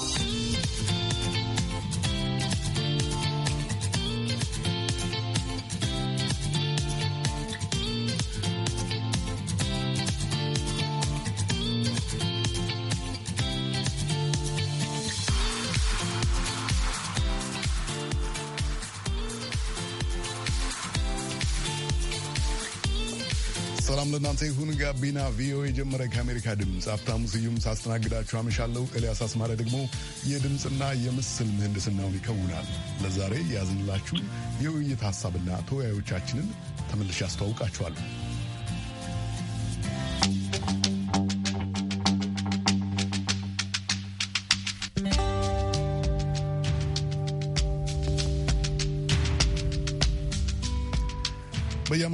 Thank you. ሰላም ለእናንተ ይሁን። ጋቢና ቪኦኤ ጀመረ። ከአሜሪካ ድምፅ ሀብታሙ ስዩም ሳስተናግዳችሁ አመሻለሁ። ኤልያስ አስማረ ደግሞ የድምፅና የምስል ምህንድስናውን ይከውናል። ለዛሬ ያዝንላችሁ የውይይት ሀሳብና ተወያዮቻችንን ተመልሼ አስተዋውቃችኋለሁ።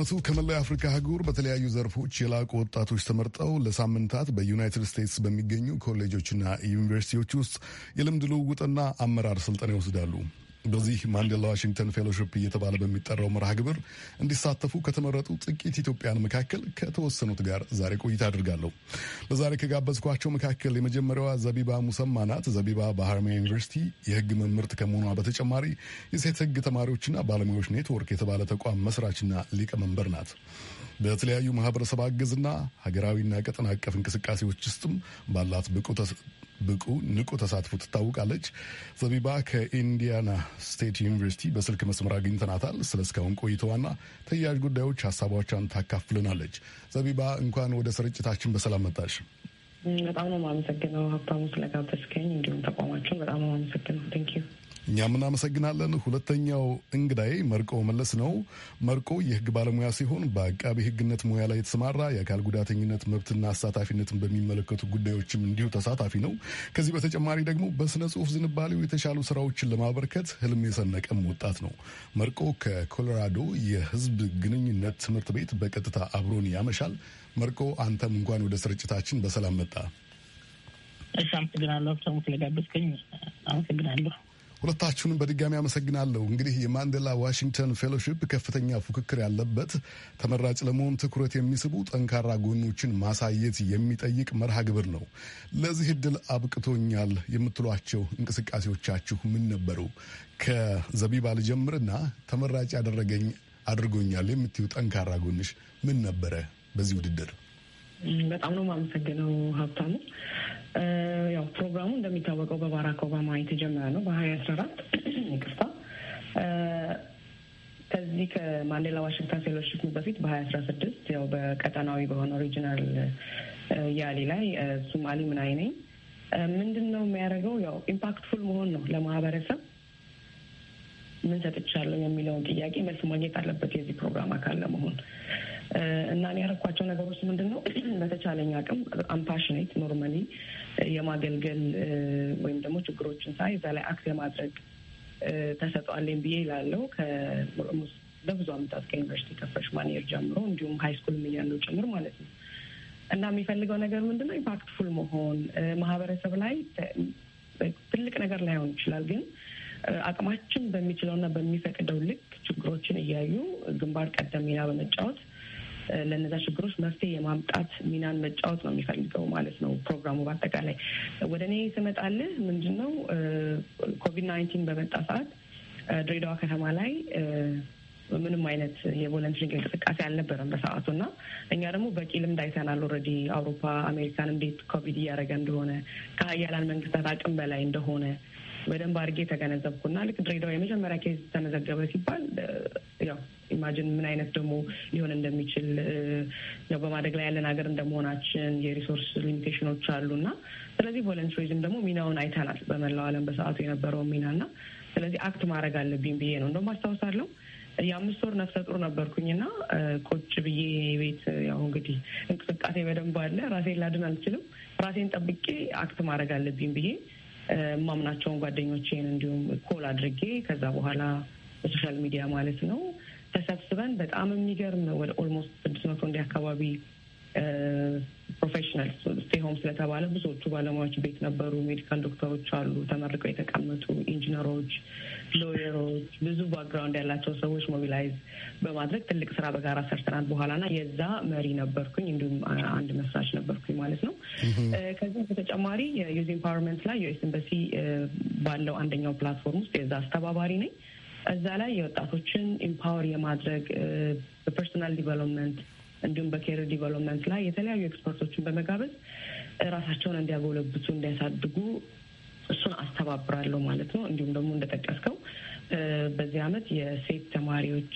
በየዓመቱ ከመላው አፍሪካ አህጉር በተለያዩ ዘርፎች የላቁ ወጣቶች ተመርጠው ለሳምንታት በዩናይትድ ስቴትስ በሚገኙ ኮሌጆችና ዩኒቨርሲቲዎች ውስጥ የልምድ ልውውጥና አመራር ስልጠና ይወስዳሉ። በዚህ ማንዴላ ዋሽንግተን ፌሎሺፕ እየተባለ በሚጠራው መርሃ ግብር እንዲሳተፉ ከተመረጡ ጥቂት ኢትዮጵያን መካከል ከተወሰኑት ጋር ዛሬ ቆይታ አድርጋለሁ። ለዛሬ ከጋበዝኳቸው መካከል የመጀመሪያዋ ዘቢባ ሙሰማ ናት። ዘቢባ በሐረማያ ዩኒቨርሲቲ የህግ መምህርት ከመሆኗ በተጨማሪ የሴት ህግ ተማሪዎችና ባለሙያዎች ኔትወርክ የተባለ ተቋም መስራችና ሊቀመንበር ናት። በተለያዩ ማህበረሰብ አገዝና ሀገራዊና ቀጠና አቀፍ እንቅስቃሴዎች ውስጥም ባላት ብቁ ብቁ ንቁ ተሳትፎ ትታወቃለች። ዘቢባ ከኢንዲያና ስቴት ዩኒቨርሲቲ በስልክ መስመር አግኝተናታል። ስለ እስካሁን ቆይተዋና ተያያዥ ጉዳዮች ሀሳቧቿን ታካፍልናለች። ዘቢባ እንኳን ወደ ስርጭታችን በሰላም መጣሽ። በጣም ነው የማመሰግነው ሀብታሙ ስለጋበዝከኝ፣ እንዲሁም ተቋማቸው በጣም ነው የማመሰግነው። ቴንክ ዩ እኛም እናመሰግናለን። ሁለተኛው እንግዳይ መርቆ መለስ ነው። መርቆ የህግ ባለሙያ ሲሆን በአቃቢ ህግነት ሙያ ላይ የተሰማራ የአካል ጉዳተኝነት መብትና አሳታፊነትን በሚመለከቱ ጉዳዮችም እንዲሁ ተሳታፊ ነው። ከዚህ በተጨማሪ ደግሞ በስነ ጽሁፍ ዝንባሌው የተሻሉ ስራዎችን ለማበርከት ህልም የሰነቀም ወጣት ነው። መርቆ ከኮሎራዶ የህዝብ ግንኙነት ትምህርት ቤት በቀጥታ አብሮን ያመሻል። መርቆ አንተም እንኳን ወደ ስርጭታችን በሰላም መጣ። እሺ፣ አመሰግናለሁ ስለጋበዝከኝ። አመሰግናለሁ። ሁለታችሁንም በድጋሚ አመሰግናለሁ። እንግዲህ የማንዴላ ዋሽንግተን ፌሎሺፕ ከፍተኛ ፉክክር ያለበት ተመራጭ ለመሆን ትኩረት የሚስቡ ጠንካራ ጎኖችን ማሳየት የሚጠይቅ መርሃ ግብር ነው። ለዚህ እድል አብቅቶኛል የምትሏቸው እንቅስቃሴዎቻችሁ ምን ነበሩ? ከዘቢባ ልጀምርና ተመራጭ ያደረገኝ አድርጎኛል የምትዩ ጠንካራ ጎንሽ ምን ነበረ በዚህ ውድድር? በጣም ነው የማመሰግነው ሀብታሙ። ያው ፕሮግራሙ እንደሚታወቀው በባራክ ኦባማ የተጀመረ ነው በሀያ አስራ አራት ይቅርታ ከዚህ ከማንዴላ ዋሽንግተን ፌሎሺፕ በፊት በሀያ አስራ ስድስት ያው በቀጠናዊ በሆነ ሪጂናል ያሌ ላይ እሱም አሊ ምን አይነኝ ምንድን ነው የሚያደርገው ያው ኢምፓክትፉል መሆን ነው ለማህበረሰብ ምን ሰጥቻለሁ የሚለውን ጥያቄ መልስ ማግኘት አለበት የዚህ ፕሮግራም አካል ለመሆን እና እኔ ያደረኳቸው ነገሮች ምንድን ነው? በተቻለኝ አቅም አምፓሽኔት ኖርማሊ የማገልገል ወይም ደግሞ ችግሮችን ሳይ እዛ ላይ አክት የማድረግ ተሰጧለን ብዬ ይላለው ለብዙ አመታት ከዩኒቨርሲቲ ከፍረሽ የር ጀምሮ እንዲሁም ሀይ ስኩል እያለሁ ጭምር ማለት ነው እና የሚፈልገው ነገር ምንድነው ኢምፓክትፉል መሆን ማህበረሰብ ላይ ትልቅ ነገር ላይሆን ይችላል ግን አቅማችን በሚችለውና በሚፈቅደው ልክ ችግሮችን እያዩ ግንባር ቀደም ሚና በመጫወት ለነዛ ችግሮች መፍትሄ የማምጣት ሚናን መጫወት ነው የሚፈልገው ማለት ነው ፕሮግራሙ። በአጠቃላይ ወደ እኔ ስመጣልህ ምንድን ነው ኮቪድ ናይንቲን በመጣ ሰዓት ድሬዳዋ ከተማ ላይ ምንም አይነት የቮለንትሪንግ እንቅስቃሴ አልነበረም በሰዓቱ እና እኛ ደግሞ በቂ ልምድ አይተናል። ኦልሬዲ አውሮፓ፣ አሜሪካን እንዴት ኮቪድ እያደረገ እንደሆነ ከሀያላን መንግስታት አቅም በላይ እንደሆነ በደንብ አድርጌ ተገነዘብኩና ልክ ድሬዳዋ የመጀመሪያ ኬዝ ተመዘገበ ሲባል ያው ኢማጅን ምን አይነት ደግሞ ሊሆን እንደሚችል ያው በማደግ ላይ ያለን ሀገር እንደመሆናችን የሪሶርስ ሊሚቴሽኖች አሉና ስለዚህ ቮለንትሪዝም ደግሞ ሚናውን አይተናል። በመላው ዓለም በሰዓቱ የነበረውን ሚና እና ስለዚህ አክት ማድረግ አለብኝ ብዬ ነው እንደውም አስታውሳለሁ። የአምስት ወር ነፍሰ ጡር ነበርኩኝና ቁጭ ብዬ ቤት ያው እንግዲህ እንቅስቃሴ በደንብ አለ። ራሴን ላድን አልችልም። ራሴን ጠብቄ አክት ማድረግ አለብኝ ብዬ ማምናቸውን ጓደኞቼን እንዲሁም ኮል አድርጌ ከዛ በኋላ በሶሻል ሚዲያ ማለት ነው ተሰብስበን በጣም የሚገርም ወደ ኦልሞስት ስድስት መቶ እንዲህ አካባቢ ፕሮፌሽናል ስቴይ ሆም ስለተባለ ብዙዎቹ ባለሙያዎች ቤት ነበሩ። ሜዲካል ዶክተሮች አሉ፣ ተመርቀው የተቀመጡ ኢንጂነሮች፣ ሎየሮች፣ ብዙ ባክግራውንድ ያላቸው ሰዎች ሞቢላይዝ በማድረግ ትልቅ ስራ በጋራ ሰርተናል። በኋላና የዛ መሪ ነበርኩኝ፣ እንዲሁም አንድ መስራች ነበርኩኝ ማለት ነው። ከዚህም በተጨማሪ የዩዝ ኢምፓወርመንት ላይ ዩኤስ ኤምባሲ ባለው አንደኛው ፕላትፎርም ውስጥ የዛ አስተባባሪ ነኝ። እዛ ላይ የወጣቶችን ኢምፓወር የማድረግ በፐርሶናል ዲቨሎፕመንት እንዲሁም በኬር ዲቨሎፕመንት ላይ የተለያዩ ኤክስፐርቶችን በመጋበዝ ራሳቸውን እንዲያጎለብቱ እንዲያሳድጉ እሱን አስተባብራለሁ ማለት ነው። እንዲሁም ደግሞ እንደጠቀስከው በዚህ አመት የሴት ተማሪዎች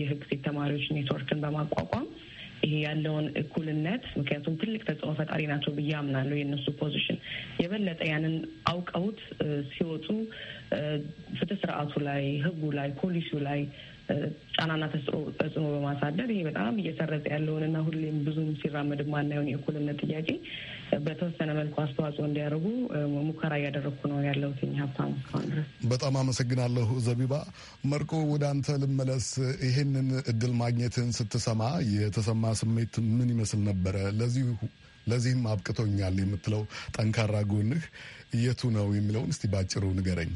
የህግ ሴት ተማሪዎች ኔትወርክን በማቋቋም ይሄ ያለውን እኩልነት ምክንያቱም ትልቅ ተጽዕኖ ፈጣሪ ናቸው ብዬ አምናለሁ። የእነሱ ፖዚሽን የበለጠ ያንን አውቀውት ሲወጡ ፍትህ ስርዓቱ ላይ፣ ህጉ ላይ፣ ፖሊሱ ላይ ጫናና ተጽዕኖ በማሳደር ይሄ በጣም እየሰረጠ ያለውን እና ሁሌም ብዙም ሲራመድ ማናየውን የእኩልነት ጥያቄ በተወሰነ መልኩ አስተዋጽኦ እንዲያደርጉ ሙከራ እያደረግኩ ነው ያለሁት። ድረስ በጣም አመሰግናለሁ። ዘቢባ መርቆ፣ ወደ አንተ ልመለስ። ይሄንን እድል ማግኘትን ስትሰማ የተሰማ ስሜት ምን ይመስል ነበረ? ለዚሁ ለዚህም አብቅቶኛል የምትለው ጠንካራ ጎንህ የቱ ነው የሚለውን እስቲ ባጭሩ ንገረኝ።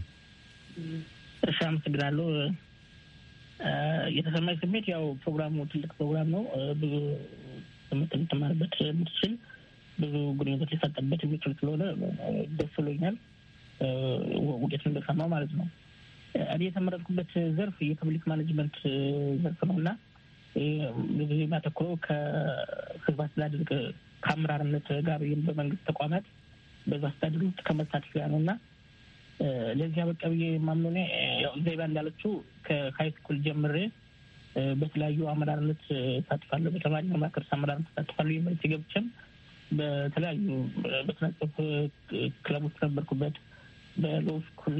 እሺ፣ አመሰግናለሁ። የተሰማኝ ስሜት ያው ፕሮግራሙ ትልቅ ፕሮግራም ነው። ብዙ ትምህርት የምትማርበት የምትችል ብዙ ግንኙነት ሊፈጠበት የሚችል ስለሆነ ደስ ብሎኛል። ውጤት እንደሰማ ማለት ነው። እኔ የተመረጥኩበት ዘርፍ የፐብሊክ ማኔጅመንት ዘርፍ ነው እና ብዙ የሚያተኩረው ከህዝብ አስተዳደር ከአመራርነት ጋር በመንግስት ተቋማት በዛ አስተዳደር ውስጥ ከመሳተፍ ነው እና ለዚህ በቃ ብዬ ማምኖኔ ዜባ እንዳለችው ከሃይስኩል ጀምሬ በተለያዩ አመራርነት ተሳትፋለሁ። በተማሪ ማክርስ አመራርነት ተሳትፋለሁ። ዩኒቨርሲቲ ገብቼም በተለያዩ በስነ ጽሁፍ ክለቦች ነበርኩበት። በሎው ስኩል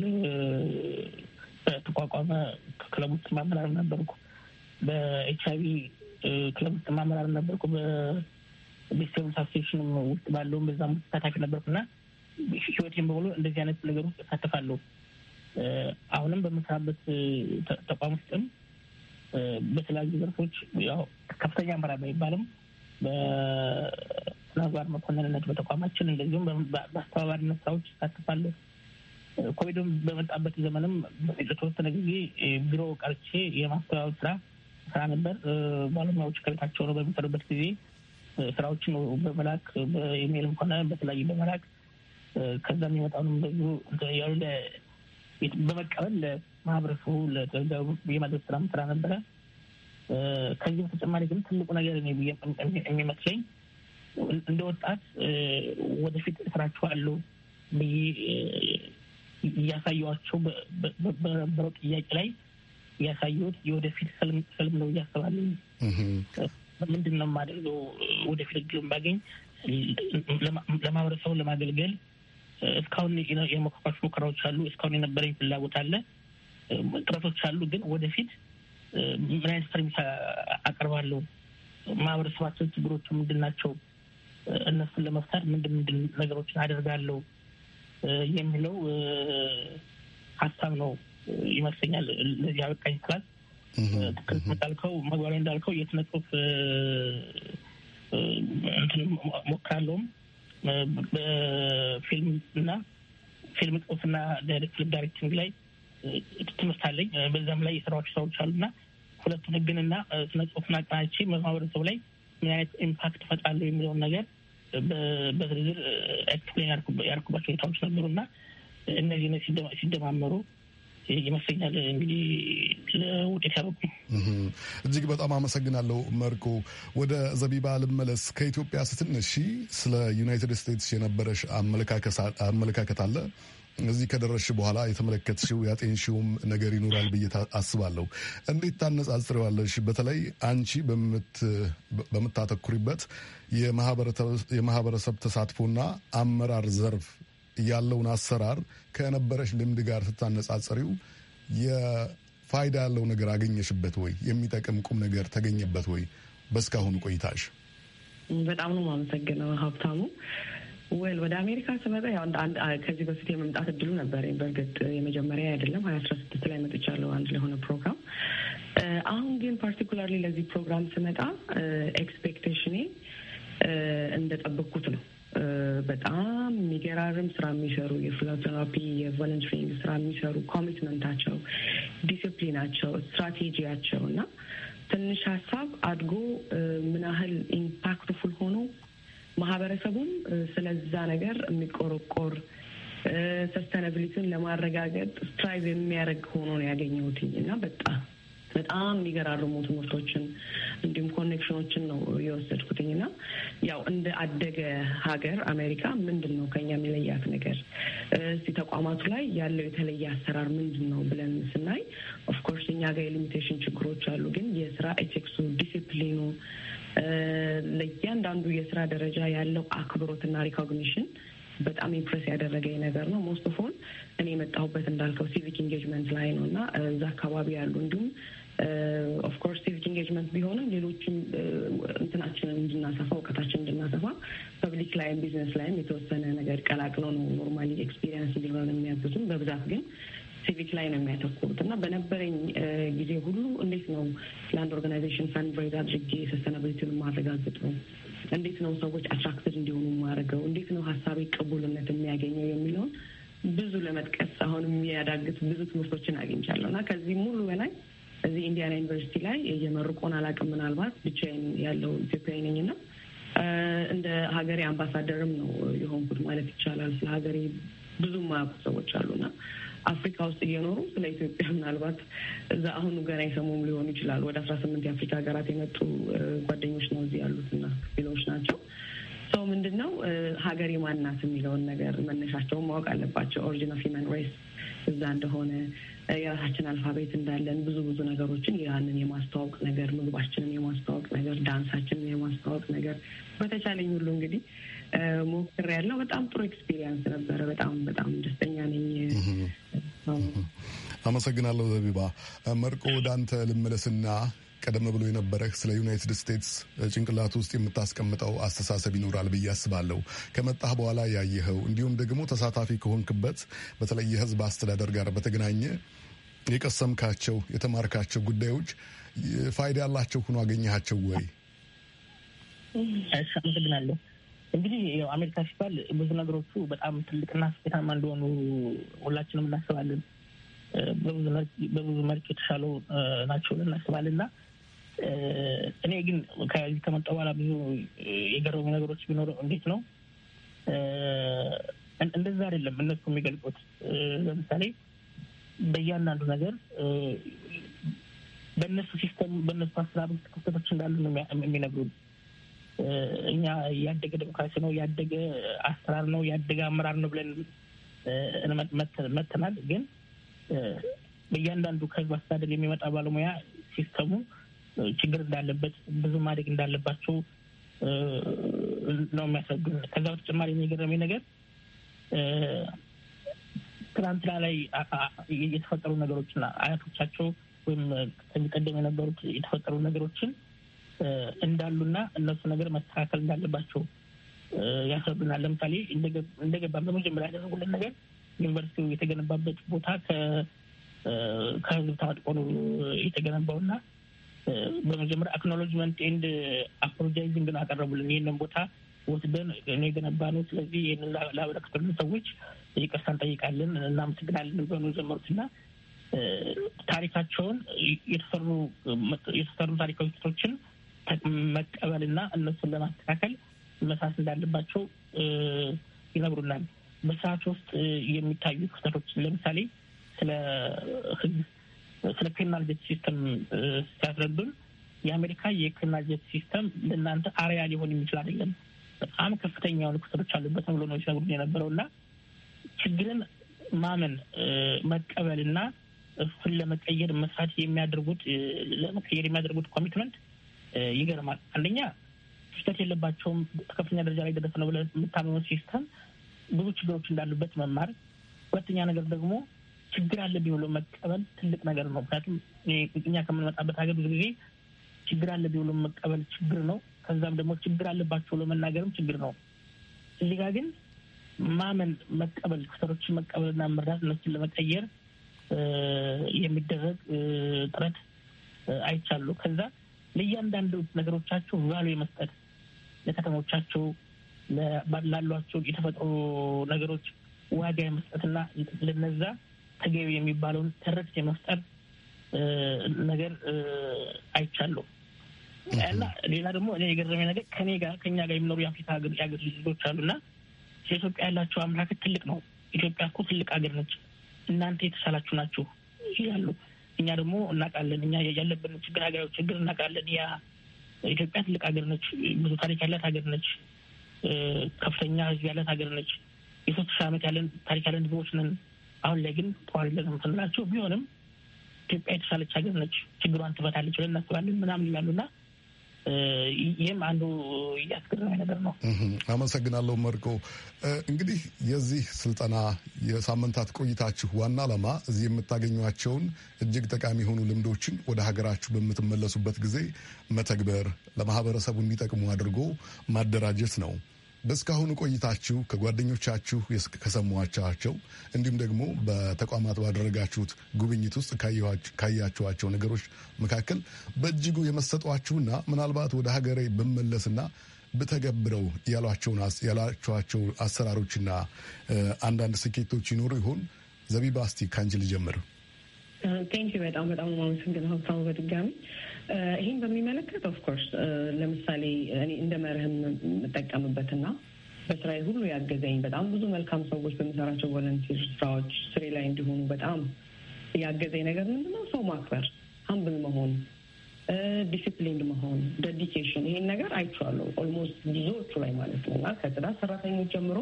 በተቋቋመ ክለብ ውስጥ ማመራር ነበርኩ። በኤች አይቪ ክለብ ውስጥ ማመራር ነበርኩ። በዲስቴብልስ አሶሴሽን ውስጥ ባለውም በዛም ውስጥ ተሳታፊ ነበርኩ እና ህይወት ጀምሮ ብሎ እንደዚህ አይነት ነገር ውስጥ እሳተፋለሁ። አሁንም በምሰራበት ተቋም ውስጥም በተለያዩ ዘርፎች ያው ከፍተኛ አመራር ባይባልም በናዝባር መኮንንነት በተቋማችን እንደዚሁም በአስተባባሪነት ስራዎች እሳተፋለሁ። ኮቪድም በመጣበት ዘመንም ለተወሰነ ጊዜ ቢሮ ቀርቼ የማስተባበር ስራ ስራ ነበር። ባለሙያዎች ከቤታቸው ነው በሚሰሩበት ጊዜ ስራዎችን በመላክ በኢሜይልም ሆነ በተለያዩ በመላክ ከዛ የሚመጣውንም እንደዚሁ ያሉ በመቀበል ለማህበረሰቡ የማድረስ ስራ ስራ ነበረ። ከዚህ በተጨማሪ ግን ትልቁ ነገር የሚመስለኝ እንደ ወጣት ወደፊት ስራችኋሉ አሉ እያሳየዋቸው በነበረው ጥያቄ ላይ ያሳየሁት የወደፊት ህልም ነው እያስባለሁ። ምንድን ነው የማደርገው ወደፊት እድሉን ባገኝ ለማህበረሰቡ ለማገልገል እስካሁን የሞከኳቸው ሙከራዎች አሉ። እስካሁን የነበረኝ ፍላጎት አለ፣ ጥረቶች አሉ። ግን ወደፊት ምን አይነት ሰርቪስ አቀርባለሁ፣ ማህበረሰባችን ችግሮቹ ምንድን ናቸው፣ እነሱን ለመፍታት ምንድን ምንድን ነገሮችን አደርጋለሁ የሚለው ሀሳብ ነው ይመስለኛል ለዚህ አበቃኝ ይችላል። ትክክል እንዳልከው መግባሪ እንዳልከው የስነ ጽሁፍ ሞክራለሁም በፊልም እና ፊልም ጽሁፍና ፊልም ዳይሬክቲንግ ላይ ትምህርት አለኝ። በዛም ላይ የስራዎች ሰዎች አሉ እና ሁለቱን ህግንና ስነ ጽሁፍና አቀናጅቼ በማህበረሰቡ ላይ ምን አይነት ኢምፓክት እፈጥራለሁ የሚለውን ነገር በዝርዝር ኤክስፕሌን ያርኩባቸው ሁኔታዎች ነበሩ እና እነዚህ ሲደማመሩ ይመስለኛል እንግዲህ ለውጤት ያበቁ። እጅግ በጣም አመሰግናለሁ መርኮ ወደ ዘቢባ ልመለስ። ከኢትዮጵያ ስትነሺ ስለ ዩናይትድ ስቴትስ የነበረሽ አመለካከት አለ? እዚህ ከደረስሽ በኋላ የተመለከትሽው ያጤንሽውም ነገር ይኖራል ብዬ አስባለሁ። እንዴት ታነጻጽሬዋለሽ? በተለይ አንቺ በምታተኩሪበት የማህበረሰብ ተሳትፎና አመራር ዘርፍ ያለውን አሰራር ከነበረሽ ልምድ ጋር ስታነጻጽሪው የፋይዳ ያለው ነገር አገኘሽበት ወይ? የሚጠቅም ቁም ነገር ተገኘበት ወይ? በእስካሁኑ ቆይታሽ። በጣም ነው የማመሰግነው ሀብታሙ። ወል ወደ አሜሪካ ስመጣ ከዚህ በፊት የመምጣት እድሉ ነበር። በእርግጥ የመጀመሪያ አይደለም። ሀያ አስራ ስድስት ላይ መጥቻለሁ አንድ ለሆነ ፕሮግራም። አሁን ግን ፓርቲኩላርሊ ለዚህ ፕሮግራም ስመጣ ኤክስፔክቴሽኔ እንደጠበቅኩት ነው። በጣም የሚገራርም ስራ የሚሰሩ የፊሎቴራፒ የቮለንትሪንግ ስራ የሚሰሩ ኮሚትመንታቸው፣ ዲስፕሊናቸው፣ ስትራቴጂያቸው እና ትንሽ ሀሳብ አድጎ ምን ያህል ኢምፓክትፉል ሆኖ ማህበረሰቡም ስለዛ ነገር የሚቆረቆር ሰስተነብሊትን ለማረጋገጥ ስትራይቭ የሚያደርግ ሆኖ ነው ያገኘሁትኝ እና በጣም በጣም የሚገራርሙ ትምህርቶችን እንዲሁም ኮኔክሽኖችን ነው የወሰድኩትኝ ና ያው እንደ አደገ ሀገር አሜሪካ ምንድን ነው ከኛ የሚለያት ነገር እስቲ ተቋማቱ ላይ ያለው የተለየ አሰራር ምንድን ነው ብለን ስናይ ኦፍኮርስ እኛ ጋር የሊሚቴሽን ችግሮች አሉ። ግን የስራ ኤቴክሱ ዲሲፕሊኑ ለእያንዳንዱ የስራ ደረጃ ያለው አክብሮትና ሪኮግኒሽን በጣም ኢምፕሬስ ያደረገኝ ነገር ነው። ሞስት ኦፍ ኦል እኔ የመጣሁበት እንዳልከው ሲቪክ ኢንጌጅመንት ላይ ነው እና እዛ አካባቢ ያሉ እንዲሁም ኦፍኮርስ ሲቪክ ኢንጌጅመንት ቢሆንም ሌሎችም uh, እንትናችንን እንድናሰፋ እውቀታችን እንድናሰፋ ፐብሊክ ላይም ቢዝነስ ላይም የተወሰነ ነገር ቀላቅሎ ነው ኖርማሊ ኤክስፒሪየንስ እንዲኖረን የሚያግዙን። በብዛት ግን ሲቪክ ላይ ነው የሚያተኩሩት እና በነበረኝ uh, ጊዜ ሁሉ እንዴት ነው ለአንድ ኦርጋናይዜሽን ፈንድሬዝ አድርጌ ሰስተናብሊቲውን ማረጋግጠው፣ እንዴት ነው ሰዎች አትራክትድ እንዲሆኑ ማድረገው፣ እንዴት ነው ሀሳቤ ቅቡልነት የሚያገኘው የሚለውን ብዙ ለመጥቀስ አሁንም የሚያዳግት ብዙ ትምህርቶችን አግኝቻለሁ እና ከዚህ ሙሉ በላይ እዚህ ኢንዲያና ዩኒቨርሲቲ ላይ የመርቆን አላውቅም። ምናልባት ብቻዬን ያለው ኢትዮጵያዊ ነኝና እንደ ሀገሬ አምባሳደርም ነው የሆንኩት ማለት ይቻላል። ስለ ሀገሬ ብዙ ማያውቁ ሰዎች አሉና አፍሪካ ውስጥ እየኖሩ ስለ ኢትዮጵያ ምናልባት እዛ አሁኑ ገና የሰሙም ሊሆኑ ይችላሉ። ወደ አስራ ስምንት የአፍሪካ ሀገራት የመጡ ጓደኞች ነው እዚህ ያሉት ያሉትና ሌሎች ናቸው። ሰው ምንድን ነው ሀገሬ ማናት የሚለውን ነገር መነሻቸውን ማወቅ አለባቸው። ኦሪጂን ኦፍ ሂውማን ሬስ እዛ እንደሆነ የራሳችን አልፋቤት እንዳለን ብዙ ብዙ ነገሮችን ያንን የማስተዋወቅ ነገር፣ ምግባችንን የማስተዋወቅ ነገር፣ ዳንሳችንን የማስተዋወቅ ነገር በተቻለኝ ሁሉ እንግዲህ ሞክር ያለው በጣም ጥሩ ኤክስፒሪየንስ ነበረ። በጣም በጣም ደስተኛ ነኝ። አመሰግናለሁ ዘቢባ። መርቆ ወደ አንተ ልመለስና ቀደም ብሎ የነበረህ ስለ ዩናይትድ ስቴትስ ጭንቅላት ውስጥ የምታስቀምጠው አስተሳሰብ ይኖራል ብዬ አስባለሁ። ከመጣህ በኋላ ያየኸው እንዲሁም ደግሞ ተሳታፊ ከሆንክበት በተለይ የህዝብ አስተዳደር ጋር በተገናኘ የቀሰምካቸው የተማርካቸው ጉዳዮች ፋይዳ ያላቸው ሆኖ አገኘሃቸው ወይ? አመሰግናለሁ። እንግዲህ ያው አሜሪካ ሲባል ብዙ ነገሮቹ በጣም ትልቅና ስኬታማ እንደሆኑ ሁላችንም እናስባለን። በብዙ መልክ የተሻለው ናቸው እናስባለን እና እኔ ግን ከዚህ ከመጣ በኋላ ብዙ የገረሙ ነገሮች ቢኖሩ እንዴት ነው እንደዛ አይደለም እነሱ የሚገልጹት። ለምሳሌ በእያንዳንዱ ነገር በእነሱ ሲስተም በእነሱ አሰራር ውስጥ ክፍተቶች እንዳሉ ነው የሚነግሩን። እኛ ያደገ ዴሞክራሲ ነው ያደገ አሰራር ነው ያደገ አመራር ነው ብለን መተናል። ግን በእያንዳንዱ ከህዝብ አስተዳደር የሚመጣ ባለሙያ ሲስተሙ ችግር እንዳለበት ብዙ ማደግ እንዳለባቸው ነው የሚያስረዱን። ከዛ በተጨማሪ የሚገረመኝ ነገር ትናንትና ላይ የተፈጠሩ ነገሮችና አያቶቻቸው ወይም ከዚህ ቀደም የነበሩት የተፈጠሩ ነገሮችን እንዳሉና እነሱ ነገር መስተካከል እንዳለባቸው ያስረዱናል። ለምሳሌ እንደገባም በመጀመሪያ ያደረጉልን ነገር ዩኒቨርሲቲው የተገነባበት ቦታ ከህዝብ ታጥቆ ነው የተገነባውና በመጀመሪያ አክኖሎጅመንት ኤንድ አፕሮጃይዚንግ ነው አቀረቡልን ይህንን ቦታ ወስደን እኔ የገነባ ነው። ስለዚህ ይህንን ላበረከቱልን ሰዎች ይቅርታ እንጠይቃለን፣ እናመሰግናለን ብለው ነው የጀመሩትና ታሪካቸውን የተሰሩ የተሰሩ ታሪካዊ ስቶችን መቀበል መቀበልና እነሱን ለማስተካከል መሳስ እንዳለባቸው ይነግሩናል። በሰዓት ውስጥ የሚታዩ ክፍተቶች ለምሳሌ ስለ ህግ ስለ ክሪሚናል ጀስቲስ ሲስተም ሲያስረዱን የአሜሪካ የክሪሚናል ጀስቲስ ሲስተም ለእናንተ አርያ ሊሆን የሚችል አይደለም፣ በጣም ከፍተኛ የሆኑ ክፍተቶች አሉበት ብሎ ነው ሲነግሩን የነበረው እና ችግርን ማመን መቀበል እና እሱን ለመቀየር መስራት የሚያደርጉት ለመቀየር የሚያደርጉት ኮሚትመንት ይገርማል። አንደኛ ስህተት የለባቸውም ከፍተኛ ደረጃ ላይ ደረሰ ነው ብለህ የምታምነው ሲስተም ብዙ ችግሮች እንዳሉበት መማር። ሁለተኛ ነገር ደግሞ ችግር አለብኝ ብሎ መቀበል ትልቅ ነገር ነው። ምክንያቱም እኛ ከምንመጣበት ሀገር ብዙ ጊዜ ችግር አለብኝ ብሎ መቀበል ችግር ነው። ከዛም ደግሞ ችግር አለባቸው ብሎ መናገርም ችግር ነው። እዚህ ጋር ግን ማመን፣ መቀበል፣ ክፍተቶችን መቀበልና መርዳት፣ እነሱን ለመቀየር የሚደረግ ጥረት አይቻሉ። ከዛ ለእያንዳንዱ ነገሮቻቸው ቫሉ የመስጠት ለከተሞቻቸው ላሏቸው የተፈጥሮ ነገሮች ዋጋ የመስጠትና ለነዛ ተገቢ የሚባለውን ትርክት የመፍጠር ነገር አይቻለሁ። እና ሌላ ደግሞ እኔ የገረመኝ ነገር ከኔ ጋር ከኛ ጋር የሚኖሩ የአፍሪካ ሀገር ልጆች አሉ እና ኢትዮጵያ ያላቸው አመለካከት ትልቅ ነው። ኢትዮጵያ እኮ ትልቅ ሀገር ነች፣ እናንተ የተሻላችሁ ናችሁ ይላሉ። እኛ ደግሞ እናውቃለን፣ እኛ ያለብን ችግር፣ ሀገራዊ ችግር እናውቃለን። ያ ኢትዮጵያ ትልቅ ሀገር ነች፣ ብዙ ታሪክ ያላት ሀገር ነች፣ ከፍተኛ ህዝብ ያላት ሀገር ነች። የሶስት ሺህ ዓመት ያለን ታሪክ ያለን ህዝቦች ነን አሁን ላይ ግን ተዋሪ ለምንላቸው ቢሆንም ኢትዮጵያ የተሻለች ሀገር ነች፣ ችግሯን ትፈታለች ብለን እናስባለን ምናምን ይላሉና ይህም አንዱ እያስገረመ ነገር ነው። አመሰግናለሁ መርቆ። እንግዲህ የዚህ ስልጠና የሳምንታት ቆይታችሁ ዋና ዓላማ እዚህ የምታገኟቸውን እጅግ ጠቃሚ የሆኑ ልምዶችን ወደ ሀገራችሁ በምትመለሱበት ጊዜ መተግበር፣ ለማህበረሰቡ እንዲጠቅሙ አድርጎ ማደራጀት ነው። በእስካሁኑ ቆይታችሁ ከጓደኞቻችሁ ከሰሟቻቸው እንዲሁም ደግሞ በተቋማት ባደረጋችሁት ጉብኝት ውስጥ ካያችኋቸው ነገሮች መካከል በእጅጉ የመሰጧችሁና ምናልባት ወደ ሀገሬ ብመለስና ብተገብረው ያሏቸዋቸው አሰራሮችና አንዳንድ ስኬቶች ይኖሩ ይሆን? ዘቢባ፣ እስቲ ከአንቺ ልጀምር። ቴንኪ በጣም በጣም ማመሰግናለሁ ሀብታሙ በድጋሚ ይህን በሚመለከት ኦፍኮርስ ለምሳሌ እኔ እንደ መርህም የምጠቀምበትና በስራዬ ሁሉ ያገዘኝ በጣም ብዙ መልካም ሰዎች በምሰራቸው ቮለንቲር ስራዎች ስሬ ላይ እንዲሆኑ በጣም ያገዘኝ ነገር ምንድነው? ሰው ማክበር፣ ሀምብል መሆን፣ ዲሲፕሊንድ መሆን፣ ዴዲኬሽን። ይሄን ነገር አይቼዋለሁ ኦልሞስት ብዙዎቹ ላይ ማለት ነው እና ከጽዳት ሰራተኞች ጀምሮ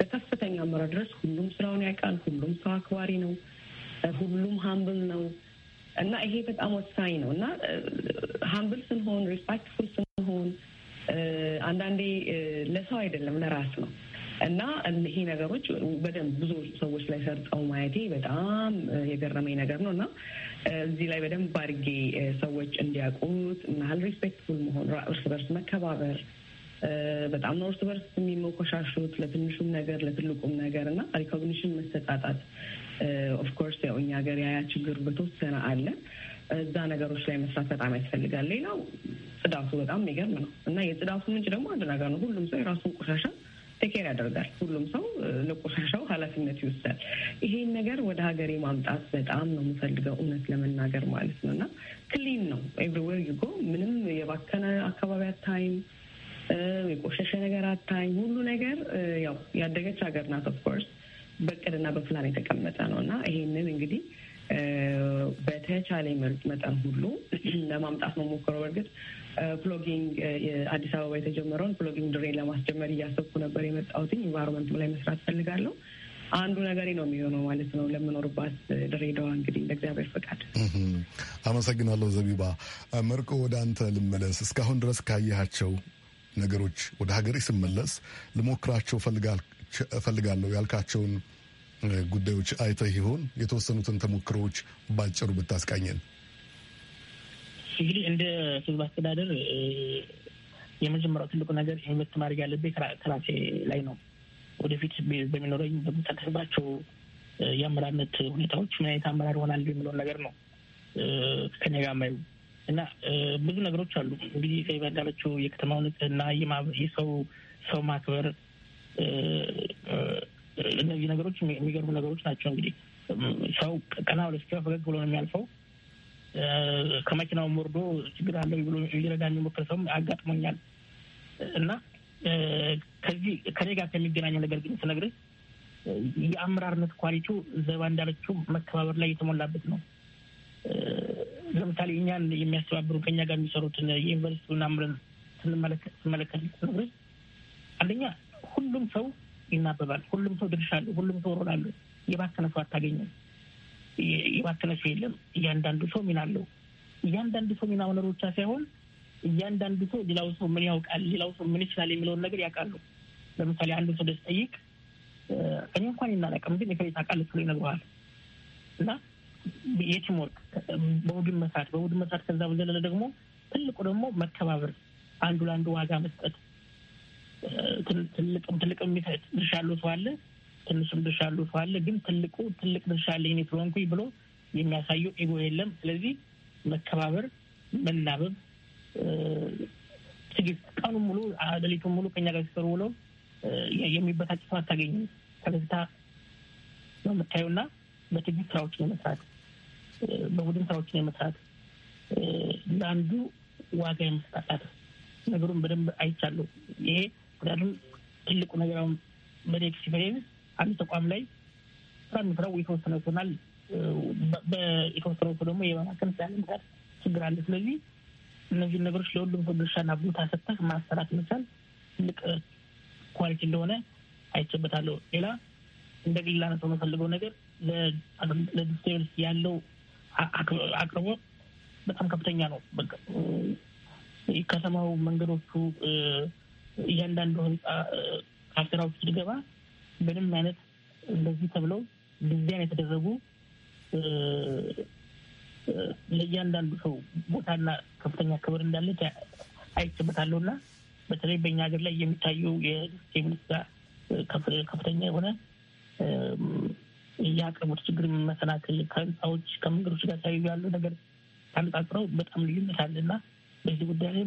እስከ ከፍተኛ አመራር ድረስ ሁሉም ስራውን ያውቃል። ሁሉም ሰው አክባሪ ነው። ሁሉም ሀምብል ነው። እና ይሄ በጣም ወሳኝ ነው እና ሀምብል ስንሆን ሪስፓክትፉል ስንሆን አንዳንዴ ለሰው አይደለም ለራስ ነው እና ይሄ ነገሮች በደንብ ብዙ ሰዎች ላይ ሰርጠው ማየቴ በጣም የገረመኝ ነገር ነው እና እዚህ ላይ በደንብ አድርጌ ሰዎች እንዲያውቁት ምናህል ሪስፔክትፉል መሆን፣ እርስ በርስ መከባበር በጣም ነው እርስ በርስ የሚመኮሻሹት ለትንሹም ነገር ለትልቁም ነገር እና ሪኮግኒሽን መሰጣጣት ኦፍኮርስ ያው እኛ ሀገር ያያ ችግር በተወሰነ አለ። እዛ ነገሮች ላይ መስራት በጣም ያስፈልጋል። ሌላው ጽዳቱ በጣም የሚገርም ነው እና የጽዳቱ ምንጭ ደግሞ አንድ ነገር ነው። ሁሉም ሰው የራሱን ቆሻሻ ቴኬር ያደርጋል። ሁሉም ሰው ለቆሻሻው ኃላፊነት ይወስዳል። ይሄን ነገር ወደ ሀገሬ ማምጣት በጣም ነው የምፈልገው እውነት ለመናገር ማለት ነው እና ክሊን ነው ኤቭሪዌር ይጎ ምንም የባከነ አካባቢ አታይም፣ የቆሸሸ ነገር አታይም። ሁሉ ነገር ያው ያደገች ሀገር ናት ኦፍኮርስ በቀድና በፕላን የተቀመጠ ነው እና ይሄንን እንግዲህ በተቻለ መጠን ሁሉ ለማምጣት ነው በእርግጥ ፕሎጊንግ አዲስ አበባ የተጀመረውን ፕሎጊንግ ድሬን ለማስጀመር እያሰብኩ ነበር የመጣሁትኝ። ኢንቫይሮመንቱ ላይ መስራት ፈልጋለሁ። አንዱ ነገሬ ነው የሚሆነው ማለት ነው ለምኖርባት ድሬዳዋ እንግዲህ እንደ እግዚአብሔር ፈቃድ። አመሰግናለሁ ዘቢባ። መርቆ ወደ አንተ ልመለስ። እስካሁን ድረስ ካየሃቸው ነገሮች ወደ ሀገሬ ስመለስ ልሞክራቸው እፈልጋለሁ ያልካቸውን ጉዳዮች አይተህ ይሆን? የተወሰኑትን ተሞክሮዎች ባጭሩ ብታስቃኘን። እንግዲህ እንደ ህዝብ አስተዳደር የመጀመሪያው ትልቁ ነገር ኢንቨስት ማድረግ ያለብኝ ከራሴ ላይ ነው። ወደፊት በሚኖረኝ በምሳተፍባቸው የአመራርነት ሁኔታዎች ምን አይነት አመራር ይሆናል የሚለውን ነገር ነው ከኔ ጋር ማዩ እና ብዙ ነገሮች አሉ እንግዲህ ከዳለችው የከተማው ንጽህና፣ የሰው ሰው ማክበር እነዚህ ነገሮች የሚገርሙ ነገሮች ናቸው። እንግዲህ ሰው ቀና ብሎ ሲገባ ፈገግ ብሎ ነው የሚያልፈው። ከመኪናውም ወርዶ ችግር አለ ብሎ ሊረዳ የሚሞክር ሰውም አጋጥሞኛል እና ከዚህ ከኔ ጋር ከሚገናኘው ነገር ግን ስነግርህ የአመራርነት ኳሊቲው ዘባ እንዳለችው መከባበር ላይ የተሞላበት ነው። ለምሳሌ እኛን የሚያስተባብሩ ከኛ ጋር የሚሰሩትን የዩኒቨርሲቲውን አምረን ስንመለከት ስንመለከት አንደኛ ሁሉም ሰው ይናበባል። ሁሉም ሰው ድርሻ አለው። ሁሉም ሰው ሮል አለው። የባከነ ሰው አታገኝም። የባከነ ሰው የለም። እያንዳንዱ ሰው ሚና አለው። እያንዳንዱ ሰው ሚና መኖሩ ብቻ ሳይሆን እያንዳንዱ ሰው ሌላው ሰው ምን ያውቃል፣ ሌላው ሰው ምን ይችላል የሚለውን ነገር ያውቃሉ። ለምሳሌ አንዱ ሰው ደስ ጠይቅ እኔ እንኳን ይናለቀም ግን የከሌ ታውቃለች ስሎ ይነግረዋል። እና የቲም በቡድን መስራት በቡድን መስራት ከዛ በዘለለ ደግሞ ትልቁ ደግሞ መከባበር፣ አንዱ ለአንዱ ዋጋ መስጠት ትልቅም ትልቅ ድርሻ አለው ሰው አለ፣ ትንሹም ድርሻ አለው ሰው አለ። ግን ትልቁ ትልቅ ድርሻ አለ እኔ ስለሆንኩኝ ብሎ የሚያሳየው ኤጎ የለም። ስለዚህ መከባበር፣ መናበብ፣ ትግስት ቀኑ ሙሉ ሌሊቱን ሙሉ ከኛ ጋር ሲሰሩ ውለው የሚበታጭ ሰው አታገኝም። ፈገግታ ነው የምታየውና በትግስት ስራዎችን የመስራት በቡድን ስራዎችን የመስራት ለአንዱ ዋጋ የመስጣጣት ነገሩን በደንብ አይቻለሁ። ይሄ ምክንያቱም ትልቁ ነገር አሁን በኔ ኤክስፔሪየንስ አንድ ተቋም ላይ ስራ የሚሰራው የተወሰነ ይሆናል፣ የተወሰነ ሰው ደግሞ የመካከል ያለምሳል ችግር አለ። ስለዚህ እነዚህን ነገሮች ለሁሉም ሰው ድርሻና ቦታ ሰጥተህ ማሰራት መቻል ትልቅ ኳሊቲ እንደሆነ አይቸበታለሁ። ሌላ እንደ ግል አነሳው የምፈልገው ነገር ለዲስቴብልስ ያለው አቅርቦ በጣም ከፍተኛ ነው። ከተማው መንገዶቹ እያንዳንዱ ህንፃ ካፍቴራ ውስጥ ምንም አይነት እንደዚህ ተብለው ዲዛይን የተደረጉ ለእያንዳንዱ ሰው ቦታና ከፍተኛ ክብር እንዳለች አይችበታለሁ እና በተለይ በእኛ ሀገር ላይ የሚታዩ የሚኒስትራ ከፍተኛ የሆነ የአቅርቦት ችግር መሰናክል ከህንፃዎች ከመንገዶች ጋር ተያዩ ያሉ ነገር ታነጻጽረው በጣም ልዩነት አለ እና በዚህ ጉዳይ ላይ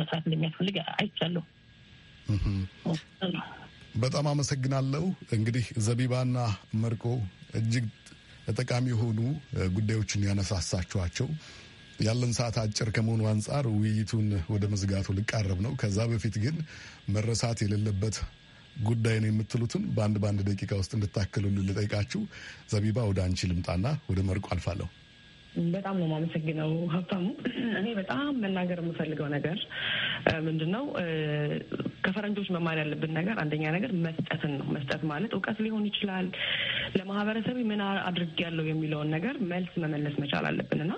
መስራት እንደሚያስፈልግ አይቻለሁ። በጣም አመሰግናለሁ። እንግዲህ ዘቢባና መርቆ እጅግ ጠቃሚ የሆኑ ጉዳዮችን ያነሳሳችኋቸው ያለን ሰዓት አጭር ከመሆኑ አንጻር ውይይቱን ወደ መዝጋቱ ልቃረብ ነው። ከዛ በፊት ግን መረሳት የሌለበት ጉዳይ ነው የምትሉትን በአንድ በአንድ ደቂቃ ውስጥ እንድታክሉልን ልጠይቃችሁ። ዘቢባ ወደ አንቺ ልምጣና ወደ መርቆ አልፋለሁ። በጣም ነው የማመሰግነው ሀብታሙ። እኔ በጣም መናገር የምፈልገው ነገር ምንድን ነው፣ ከፈረንጆች መማር ያለብን ነገር አንደኛ ነገር መስጠትን ነው። መስጠት ማለት እውቀት ሊሆን ይችላል። ለማህበረሰብ ምን ያለው የሚለውን ነገር መልስ መመለስ መቻል አለብን እና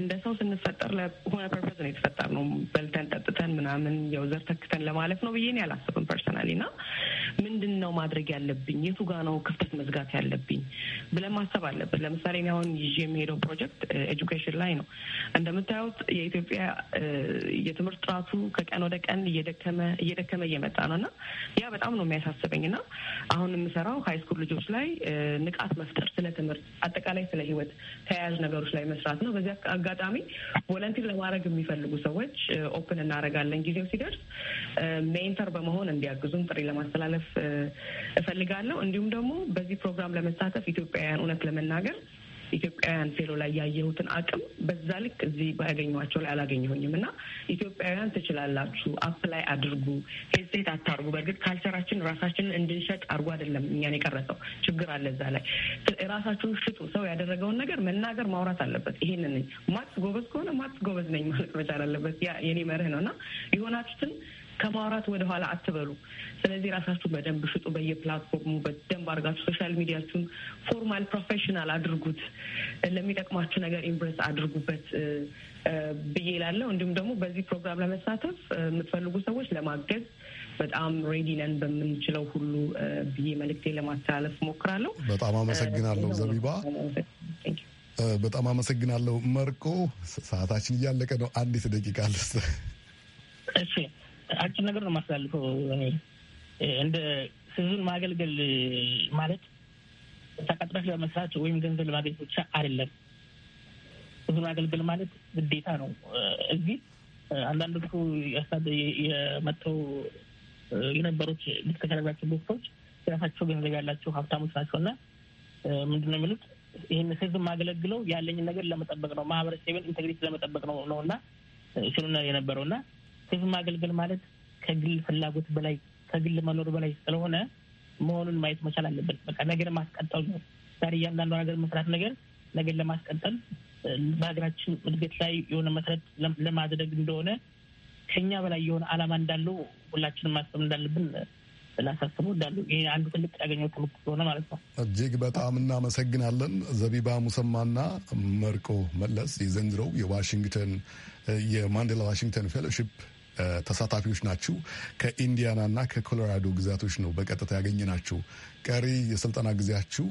እንደ ሰው ስንፈጠር ለሆነ ፐርፐዝ ነው ነው። በልተን ጠጥተን ምናምን የውዘር ተክተን ለማለፍ ነው ብዬን ያላስብም ፐርሰናሊ እና ምንድን ነው ማድረግ ያለብኝ፣ የቱ ጋ ነው ክፍተት መዝጋት ያለብኝ ብለን ማሰብ አለብን። ለምሳሌ እኔ አሁን ይዤ የሚሄደው ፕሮጀክት ኤጁኬሽን ላይ ነው። እንደምታዩት የኢትዮጵያ የትምህርት ጥራቱ ከቀን ወደ ቀን እየደከመ እየደከመ እየመጣ ነው እና ያ በጣም ነው የሚያሳስበኝ እና አሁን የምሰራው ሃይስኩል ልጆች ላይ ንቃት መፍጠር ስለ ትምህርት አጠቃላይ ስለ ህይወት ተያያዥ ነገሮች ላይ መስራት ነው። በዚህ አጋጣሚ ቮለንቲር ለማድረግ የሚፈልጉ ሰዎች ኦፕን እናደርጋለን። ጊዜው ሲደርስ ሜንተር በመሆን እንዲያግዙን ጥሪ ለማስተላለፍ ማሳተፍ እፈልጋለሁ። እንዲሁም ደግሞ በዚህ ፕሮግራም ለመሳተፍ ኢትዮጵያውያን እውነት ለመናገር ኢትዮጵያውያን ፌሎ ላይ ያየሁትን አቅም በዛ ልክ እዚህ ባያገኘኋቸው ላይ አላገኘሁኝም እና ኢትዮጵያውያን ትችላላችሁ፣ አፕላይ አድርጉ፣ ሄዝቴት አታርጉ። በእርግጥ ካልቸራችን ራሳችንን እንድንሸጥ አድርጎ አይደለም እኛን የቀረጸው ችግር አለ እዛ ላይ ራሳችሁን ሽጡ። ሰው ያደረገውን ነገር መናገር ማውራት አለበት። ይሄንን ማትስ ጎበዝ ከሆነ ማጥ ጎበዝ ነኝ ማለት መቻል አለበት። የኔ መርህ ነው እና የሆናችሁትን ከማውራት ወደኋላ አትበሉ። ስለዚህ ራሳችሁ በደንብ ሽጡ። በየፕላትፎርሙ በደንብ አድርጋችሁ ሶሻል ሚዲያችሁን ፎርማል ፕሮፌሽናል አድርጉት። ለሚጠቅማችሁ ነገር ኢምፕሬስ አድርጉበት ብዬ ላለው። እንዲሁም ደግሞ በዚህ ፕሮግራም ለመሳተፍ የምትፈልጉ ሰዎች ለማገዝ በጣም ሬዲ ነን በምንችለው ሁሉ ብዬ መልእክቴን ለማስተላለፍ ሞክራለሁ። በጣም አመሰግናለሁ ዘቢባ። በጣም አመሰግናለሁ መርቆ። ሰዓታችን እያለቀ ነው። አንዲት ደቂቃ ልስ። እሺ አጭር ነገር ነው የማስተላልፈው። እኔ እንደ ህዝብን ማገልገል ማለት ተቀጥረሽ ለመስራት ወይም ገንዘብ ለማግኘት ብቻ አይደለም። ህዝብን ማገልገል ማለት ግዴታ ነው። እዚህ አንዳንዶቹ የመጥተው የነበሩት ሊስተከረባቸው ቦክቶች የራሳቸው ገንዘብ ያላቸው ሀብታሞች ናቸው እና ምንድን ነው የሚሉት ይህን ህዝብ ማገለግለው ያለኝን ነገር ለመጠበቅ ነው፣ ማህበረሰብን ኢንቴግሪቲ ለመጠበቅ ነው ነው እና ሲሉና የነበረው እና ህዝብ ማገልገል ማለት ከግል ፍላጎት በላይ ከግል መኖር በላይ ስለሆነ መሆኑን ማየት መቻል አለብን። በቃ ነገር ማስቀጠል ነው። ዛሬ እያንዳንዱ ነገር መስራት ነገር ነገር ለማስቀጠል በሀገራችን እድገት ላይ የሆነ መሰረት ለማድረግ እንደሆነ ከኛ በላይ የሆነ አላማ እንዳለው ሁላችንም ማሰብ እንዳለብን ላሳስቡ እንዳሉ ይህ አንዱ ትልቅ ያገኘው ትምህርት ስለሆነ ማለት ነው። እጅግ በጣም እናመሰግናለን። ዘቢባ ሙሰማና መርቆ መለስ የዘንድሮው የዋሽንግተን የማንዴላ ዋሽንግተን ፌሎሺፕ ተሳታፊዎች ናችሁ። እና ከኮሎራዶ ግዛቶች ነው በቀጥታ ያገኘ ናችሁ። ቀሪ የስልጠና ጊዜያችሁ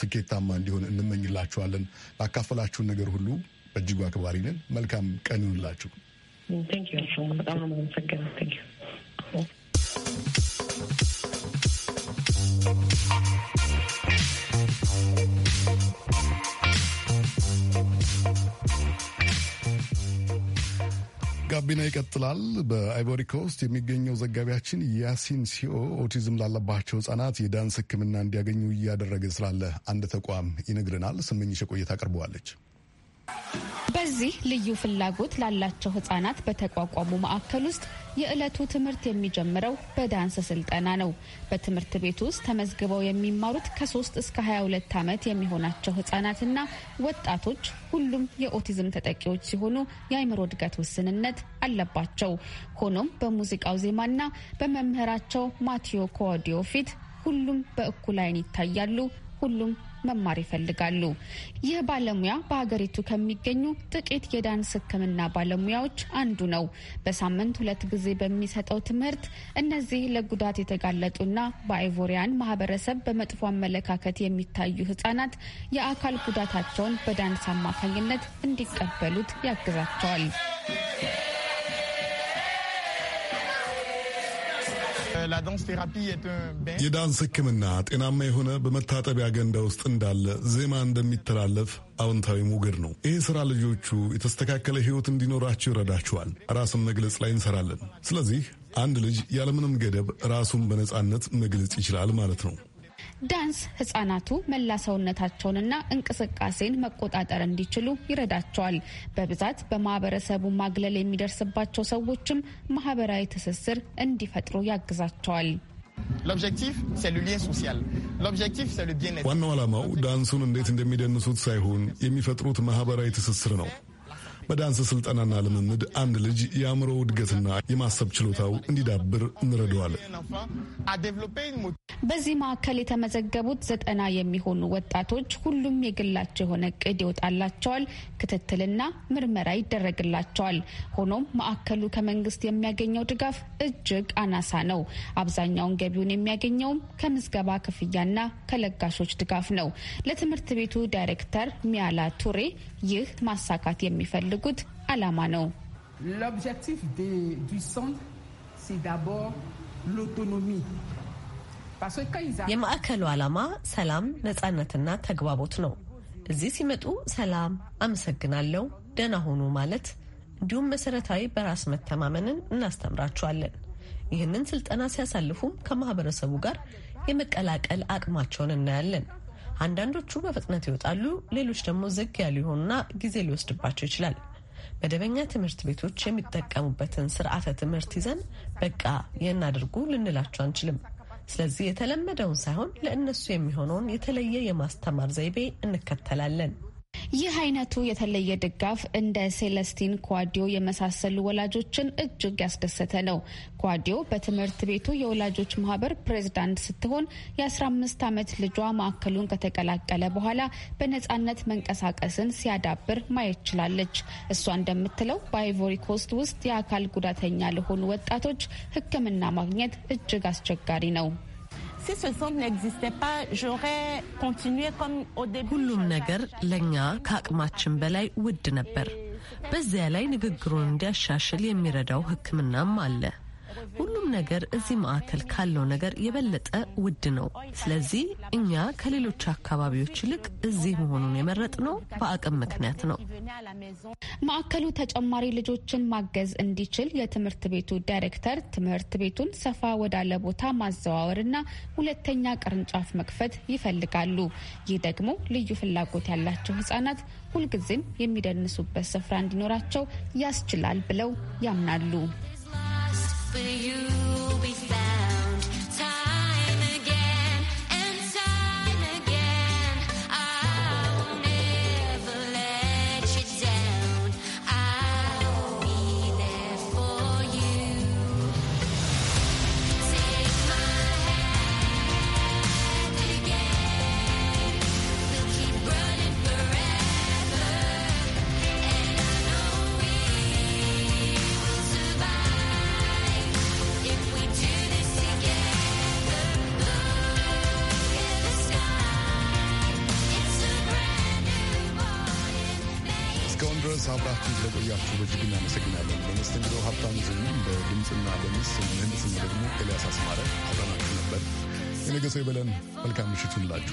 ስኬታማ እንዲሆን እንመኝላችኋለን። ላካፈላችሁን ነገር ሁሉ በእጅጉ አክባሪ ነን። መልካም ቀን ይሁንላችሁ። በጣም ነው የማመሰግነው። ጋቢና ይቀጥላል። በአይቮሪ ኮስት የሚገኘው ዘጋቢያችን ያሲን ሲኦ ኦቲዝም ላለባቸው ሕጻናት የዳንስ ሕክምና እንዲያገኙ እያደረገ ስላለ አንድ ተቋም ይነግረናል። ስመኝሽ ቆይታ አቅርበዋለች። እዚህ ልዩ ፍላጎት ላላቸው ህጻናት በተቋቋሙ ማዕከል ውስጥ የዕለቱ ትምህርት የሚጀምረው በዳንስ ስልጠና ነው። በትምህርት ቤት ውስጥ ተመዝግበው የሚማሩት ከ3 እስከ 22 ዓመት የሚሆናቸው ህጻናትና ወጣቶች ሁሉም የኦቲዝም ተጠቂዎች ሲሆኑ የአይምሮ እድገት ውስንነት አለባቸው። ሆኖም በሙዚቃው ዜማና በመምህራቸው ማቲዮ ኮዋዲዮ ፊት ሁሉም በእኩል አይን ይታያሉ። ሁሉም መማር ይፈልጋሉ። ይህ ባለሙያ በሀገሪቱ ከሚገኙ ጥቂት የዳንስ ሕክምና ባለሙያዎች አንዱ ነው። በሳምንት ሁለት ጊዜ በሚሰጠው ትምህርት እነዚህ ለጉዳት የተጋለጡና በአይቮሪያን ማህበረሰብ በመጥፎ አመለካከት የሚታዩ ህጻናት የአካል ጉዳታቸውን በዳንስ አማካኝነት እንዲቀበሉት ያግዛቸዋል። የዳንስ ሕክምና ጤናማ የሆነ በመታጠቢያ ገንዳ ውስጥ እንዳለ ዜማ እንደሚተላለፍ አዎንታዊ ሞገድ ነው። ይህ ስራ ልጆቹ የተስተካከለ ህይወት እንዲኖራቸው ይረዳቸዋል። ራስን መግለጽ ላይ እንሰራለን። ስለዚህ አንድ ልጅ ያለምንም ገደብ ራሱን በነጻነት መግለጽ ይችላል ማለት ነው። ዳንስ ህጻናቱ መላ ሰውነታቸውንና እንቅስቃሴን መቆጣጠር እንዲችሉ ይረዳቸዋል። በብዛት በማህበረሰቡ ማግለል የሚደርስባቸው ሰዎችም ማህበራዊ ትስስር እንዲፈጥሩ ያግዛቸዋል። ዋናው ዓላማው ዳንሱን እንዴት እንደሚደንሱት ሳይሆን የሚፈጥሩት ማህበራዊ ትስስር ነው። በዳንስ ስልጠናና ልምምድ አንድ ልጅ የአእምሮ እድገትና የማሰብ ችሎታው እንዲዳብር እንረዳዋለን። በዚህ ማዕከል የተመዘገቡት ዘጠና የሚሆኑ ወጣቶች ሁሉም የግላቸው የሆነ እቅድ ይወጣላቸዋል። ክትትልና ምርመራ ይደረግላቸዋል። ሆኖም ማዕከሉ ከመንግስት የሚያገኘው ድጋፍ እጅግ አናሳ ነው። አብዛኛውን ገቢውን የሚያገኘውም ከምዝገባ ክፍያና ከለጋሾች ድጋፍ ነው። ለትምህርት ቤቱ ዳይሬክተር ሚያላ ቱሬ ይህ ማሳካት የሚፈልጉ የሚያደርጉት ዓላማ ነው። ሎብጀክቲፍ ሎቶኖሚ የማዕከሉ ዓላማ ሰላም፣ ነጻነትና ተግባቦት ነው። እዚህ ሲመጡ ሰላም፣ አመሰግናለሁ፣ ደህና ሆኑ ማለት እንዲሁም መሰረታዊ በራስ መተማመንን እናስተምራቸዋለን። ይህንን ስልጠና ሲያሳልፉም ከማህበረሰቡ ጋር የመቀላቀል አቅማቸውን እናያለን። አንዳንዶቹ በፍጥነት ይወጣሉ፣ ሌሎች ደግሞ ዝግ ያሉ ይሆኑና ጊዜ ሊወስድባቸው ይችላል። መደበኛ ትምህርት ቤቶች የሚጠቀሙበትን ስርዓተ ትምህርት ይዘን በቃ የናድርጉ ልንላቸው አንችልም። ስለዚህ የተለመደውን ሳይሆን ለእነሱ የሚሆነውን የተለየ የማስተማር ዘይቤ እንከተላለን። ይህ አይነቱ የተለየ ድጋፍ እንደ ሴለስቲን ኳዲዮ የመሳሰሉ ወላጆችን እጅግ ያስደሰተ ነው። ኳዲዮ በትምህርት ቤቱ የወላጆች ማህበር ፕሬዝዳንት ስትሆን የ15 ዓመት ልጇ ማዕከሉን ከተቀላቀለ በኋላ በነፃነት መንቀሳቀስን ሲያዳብር ማየት ችላለች። እሷ እንደምትለው በአይቮሪ ኮስት ውስጥ የአካል ጉዳተኛ ለሆኑ ወጣቶች ሕክምና ማግኘት እጅግ አስቸጋሪ ነው። si ce centre n'existait pas, j'aurais continué comme au début. ሁሉም ነገር ለእኛ ከአቅማችን በላይ ውድ ነበር። በዚያ ላይ ንግግሩን እንዲያሻሽል የሚረዳው ሕክምናም አለ። ሁሉ ነገር እዚህ ማዕከል ካለው ነገር የበለጠ ውድ ነው። ስለዚህ እኛ ከሌሎች አካባቢዎች ይልቅ እዚህ መሆኑን የመረጥነው በአቅም ምክንያት ነው። ማዕከሉ ተጨማሪ ልጆችን ማገዝ እንዲችል የትምህርት ቤቱ ዳይሬክተር ትምህርት ቤቱን ሰፋ ወዳለ ቦታ ማዘዋወር እና ሁለተኛ ቅርንጫፍ መክፈት ይፈልጋሉ። ይህ ደግሞ ልዩ ፍላጎት ያላቸው ህጻናት ሁልጊዜም የሚደንሱበት ስፍራ እንዲኖራቸው ያስችላል ብለው ያምናሉ። For you be found? በእጅጉ እናመሰግናለን። በመስተንግዶ ሀብታም ዝዩም፣ በድምፅና በምስል ምህንድስና ደግሞ ኤልያስ አስማረ አብረናችሁ ነበር። የነገ ሰው ይበለን። መልካም ምሽት ይሁንላችሁ።